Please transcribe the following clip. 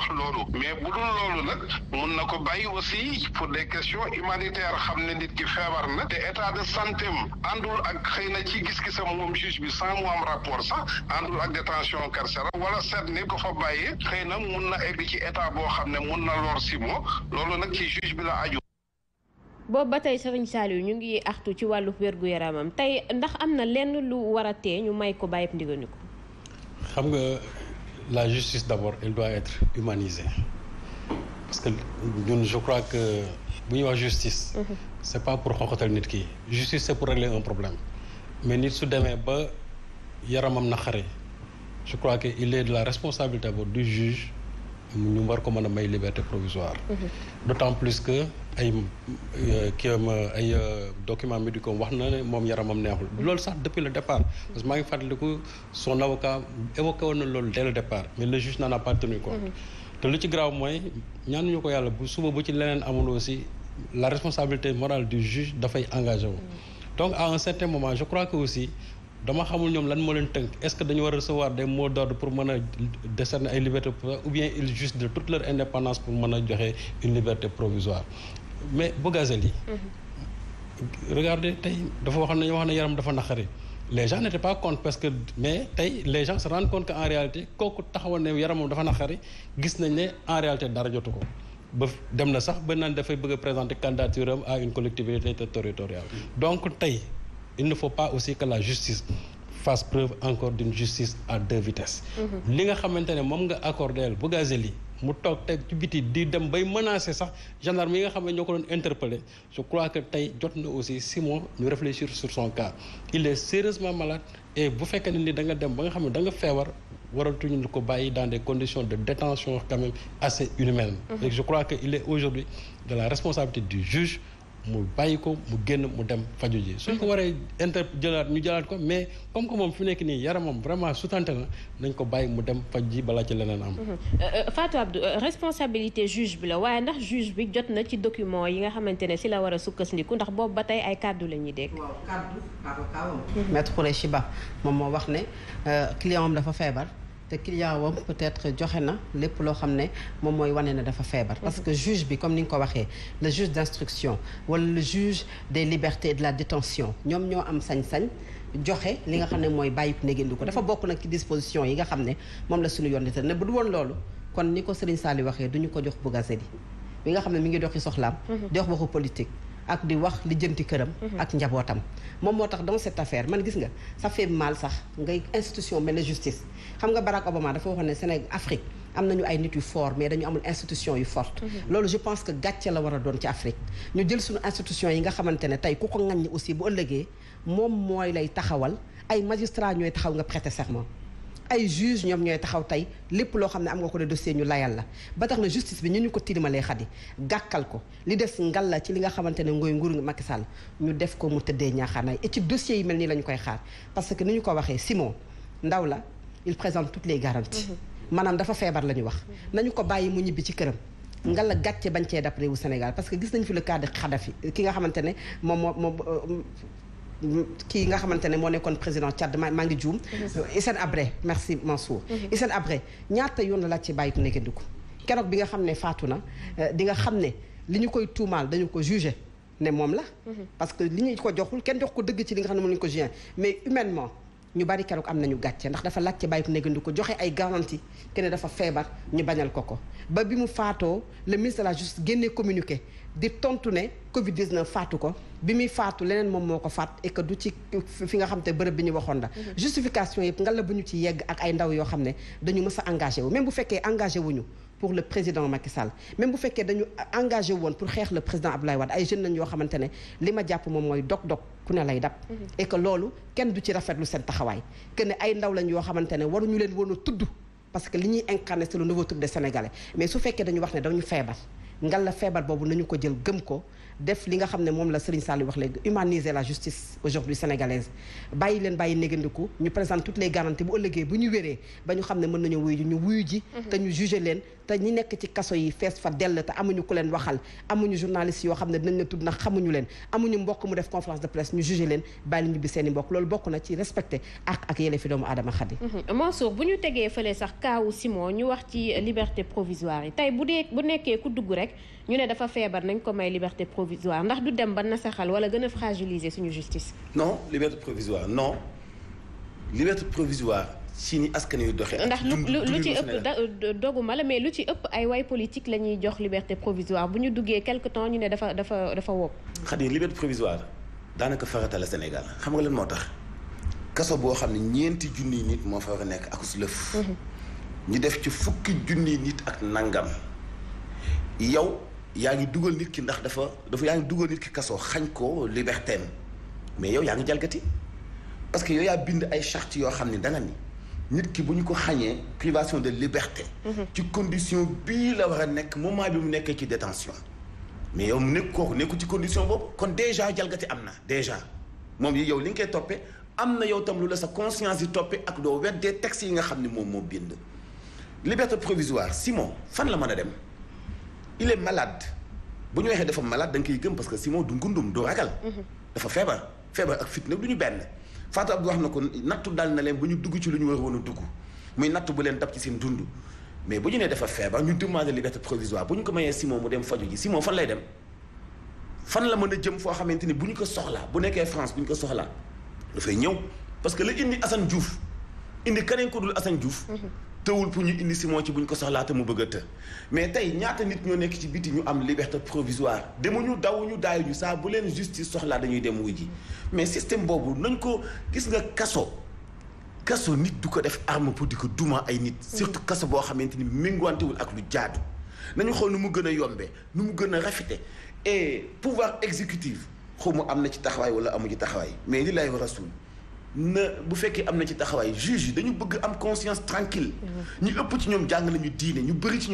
wax loolu mais bu dul loolu nag mun na ko bàyyi aussi pour des questions humanitaires xam ne nit ki feebar na te état de santé am ak xëy na ci gis-gisam moom juge bi sant mu am rapport sax àndul ak détention carcérale wala seet ni ko fa bàyyee xëy na mun na egg ci état boo xam ne mun na lor si moo loolu nag ci juge bi la aju boobu ba tey Serigne Saliou ñu ngi axtu ci wàllu wérgu yaramam tey ndax am na lenn lu war a tee ñu may ko bàyyib ndiganiku xam nga la justice d'abord elle doit être humanisée parce que ñun je crois que bu ñuy wax justice mhm. c'est pas pour xoxatal nit ki justice c'est pour régler un problème mais nit su demee ba yaramam na xare je crois que il est de la responsabilité d'abord du juge ñu war ko mën a may liberté provisoire mhm. d'autant plus que ay euh, kii euh, ay euh, documents médicaux wax na ne moom yaramam neexul loolu sax depuis le départ parce que maa ngi fàttaliku son avocat évoqué woon na loolu dès le départ mais le juge n'en a pas tenu compte mm-hmm. te lu ci grave mooy ñaanuñu ko yàlla bu suba bu ci leneen amuloo si la responsabilité morale du juge dafay engagé wu mm-hmm. donc à un certain moment je crois que aussi dama xamul ñoom lan moo leen tënk est-ce que dañu war a recevoir des mots pour mën a décerner ay liberté ou de toute leur indépendance pour mën a joxe une liberté mais Bougazelli mm-hmm. regardez tey dafa waxoon nañu wax ne yaram dafa naqari les gens n'étaient pas contre parce que mais tey les gens se rendent compte que en réalité kooku taxawoon ne yaramam dafa naqari gis nañ ne en réalité dara jotu ko ba dem na sax ba naan dafay bëgg a présenter candidature am à une collectivité territoriale mm-hmm. donc tey il ne faut pas aussi que la justice fasse preuve encore d'une justice à de vitesses mm-hmm. li nga xamante ne moom nga accordeel Bougazelli mu toog teg ci biti di dem bay menacer sax gendarme yi nga xam ne ñoo ko doon interpeller je crois que tey jot na aussi Simon ñu réfléchir sur son cas il est sérieusement malade et bu fekkee ne ni da nga dem ba nga xam ne da nga feebar waratuñu ñu ko bàyyi dans des conditions de détention quand même assez inhumaines. Mm-hmm. et je crois que il est aujourd'hui de la responsabilité du juge mu bàyyi ko mu génn mu dem faju ji suñ ko waree inter jëlaat ñu jëlaat ko mais comme que moom fi nekk nii yaramam vraiment sutante na nañ ko bàyyi mu dem faju ji balaa ci leneen am mhm. euh, euh, Fatou Abdou euh, responsabilité juge bi la waaye ndax juge bi jot na ci document yi nga xamante ne si la war a sukkandiku ndax boobu ba tey ay kàddu la ñuy dégg waaw kàddu avocat maître Ba moom moo wax ne client am dafa feebar te client wam peut-être joxe na lépp loo xam ne moom mooy wane na dafa feebar. Mm-hmm. parce que juge bi comme ni nga ko waxee le juge d'instruction wala le juge des libertés et de la détention ñoom ñoo am sañ-sañ. joxe li nga xam ne mooy bàyyi ko ko dafa bokk nag ci disposition yi nga xam ne moom la suñu yoon di ne bu du woon loolu kon ni ko Serigne Saliou waxee duñu ko jox Bougazelli bi nga xam ne mu ngi doxi soxlaam. Mm-hmm. di waxu politique. ak di wax li këram mhm. ak njabootam moom moo tax dans cette affaire man gis nga sa fait mal sax ngay institution mel ne justice xam nga Barack Obama dafa waxoon ne Sénégal Afrique am nañu ay nit yu fort mais dañu amul institution yu forte mhm. loolu je pense que gàcce la war a doon ci Afrique ñu jël suñu institution yi nga xamante ne tey ku ko ŋaññi aussi bu ëllëgee moom mooy lay taxawal ay magistrat ñooy taxaw nga prêter serment ay juge ñoom ñooy taxaw tey lépp loo xam ne am nga ko de dossier ñu layal la ba tax na justice bi ñu ñu ko tilimalee xadi gàkkal ko li des ngal la ci li nga xamante ne ngooy nguur Macky Sall ñu def ko mu tëddee ñaaxaanaay et ci dossier yi mel nii la koy xaar parce que ni ñu ko waxee Simon ndaw la il présente toutes les garanties mhm. maanaam dafa feebar la ñu wax mhm. nañu ko bàyyi mu ñibbi ci këram nga la gàcce bañ cee dab réewu Sénégal parce que gis nañ fi le ki nga xamante ne moom moo moom euh, kii nga xamante ne moo kon président Tchad maa maa ngi juum. Euh, Hissène Habré merci Mansour. Mhm. Hissène Habré ñaata yoon la laaj ci bàyyitu Ndékéndoukou keroog bi nga xam ne faatu na euh, di nga xam ne li ñu koy tuumaal dañu ko jugé ne moom la. Mhm. parce que li ñu ko joxul kenn jox ko dëgg ci li nga xam ne moom la ñu ko jugé mais humainement. ñu bari keroog am nañu gàcce ndax dafa laaj ci bàyyitu négandu ko joxe ay garantie que dafa feebar ñu bañal ko ko ba bi mu faatoo le ministre de la justice génnee communiqué di tontu ne Covid 19 faatu ko bi muy faatu leneen moom moo ko faat et que du ci fi nga xam te bërëb bi ñu waxoon la. Mhm. justification yëpp nga la bu ñu ci yegg ak ay ndaw yoo xam ne dañu mës a engagé wu même bu fekkee engagé ñu pour le président Macky Sall même bu fekkee dañu engagé woon pour xeex le président Abdoulaye Wade ay jeunes lañ yoo xamante ne li ma jàpp moom mooy dog-dog ku ne lay dab. Mhm. et que loolu kenn du ci rafetlu seen taxawaay que ne ay ndaw lañ yoo xamante ne waruñu leen woon a tudd parce que li ñuy incarné c'est le nouveau type de sénégalais mais su fekkee dañu wax ne dañu feebar ngal la feebar boobu nañu ko jël gëm ko. def li nga xam ne moom la Serigne Sall wax léegi humaniser la justice aujourd'hui sénégalaise bàyyi leen bàyyi négandiku ñu présente toutes les garanties bu ëllëgee bu ñu wéree ba ñu xam ne mën nañu wuyu ji ñu wuyu ji mhm. te ñu jugé leen te ñi nekk ci kaso yi fees fa dell te amuñu ku leen waxal amuñu journaliste yoo xam ne dinañ la tudd ndax xamuñu leen amuñu mbokk mu def conférence de presse ñu jugé leen bàyyi la ñu bi i mbokk loolu bokk na ci respecté ñu ne dafa feebar nañ ko may liberté provisoire ndax du dem ba nasaxal wala gën a fragiliser suñu justice. non liberté provisoire non liberté provisoire si ni askan yu doxee. ndax lu lu ci ëpp doguma la mais lu ci ëpp ay way politique la ñuy jox liberté provisoire bu ñu duggee quelque temps ñu ne dafa dafa dafa wopp. xadi liberté provisoire daanaka farata la Sénégal xam nga leen moo tax. kaso boo xam ne ñeenti junniy nit moo fa war a nekk ak su lëf mhm. ñu def ci fukki junniy nit ak nangam yaa ngi dugal nit ki ndax dafa dafa yaa ngi dugal nit ki kasoo xañ koo liberté am mais yow yaa ngi jalgati parce que yow yaa bind ay charte yoo xam ne danga ni nit ki bu ñu ko xañee privation de liberté mhm. ci condition bii la war a nekk moom moment bi mu nekkee ci détention mais yow mu nekk kooku nekku ci condition boobu kon déjà jalgati am na déjà moom yi yow li nga koy toppee am na yow tam lu la sa conscience yi toppee ak doo weddee textes yi nga xam ne moom moo bind liberté provisoire Simon fan la mën a dem il est malade bu ñu waxee dafa malade da nga koy gëm parce que sinon du ngundum doo ragal. dafa feebar feebar ak fitna du ñu benn Fatou wax na ko nattu dal na leen bu ñu dugg ci lu ñu war woon dugg muy nattu bu leen dab ci seen dund. mais bu ñu nee dafa feebar ñu demandé liberté provisoire bu ñu ko mayee Simon mu dem faju ji Simon fan lay dem fan la mën a jëm foo xamante ni bu ñu ko soxlaa bu nekkee France bu ñu ko soxlaa dafay ñëw parce que la indi Assane Diouf indi keneen ku dul Assane Diouf. tëwul pour ñu indi Simon ci buñ ko soxlaa te mu bëgg a të mais tey ñaata nit ñoo nekk ci biti ñu am liberté provisoire daw ñu daayuñu saa bu leen justice soxlaa dañuy dem wuy ji mais système boobu nañ ko gis nga kaso kaso nit du ko def arme pour di ko duma ay nit mm. surtout kaso boo xamante ni méngwantewul ak lu jaadu nañu xool nu mu gën a yombee nu mu gën a rafete et pouvoir executive xaw ma am na ci taxawaay wala amu ci taxawaay mais li lay rasul na bu fekkee am na ci taxawaay juge yi dañu bëgg am conscience tranquille mm-hmm. ñu ëpp ci ñoom jàng nañu diine ñu bëri ci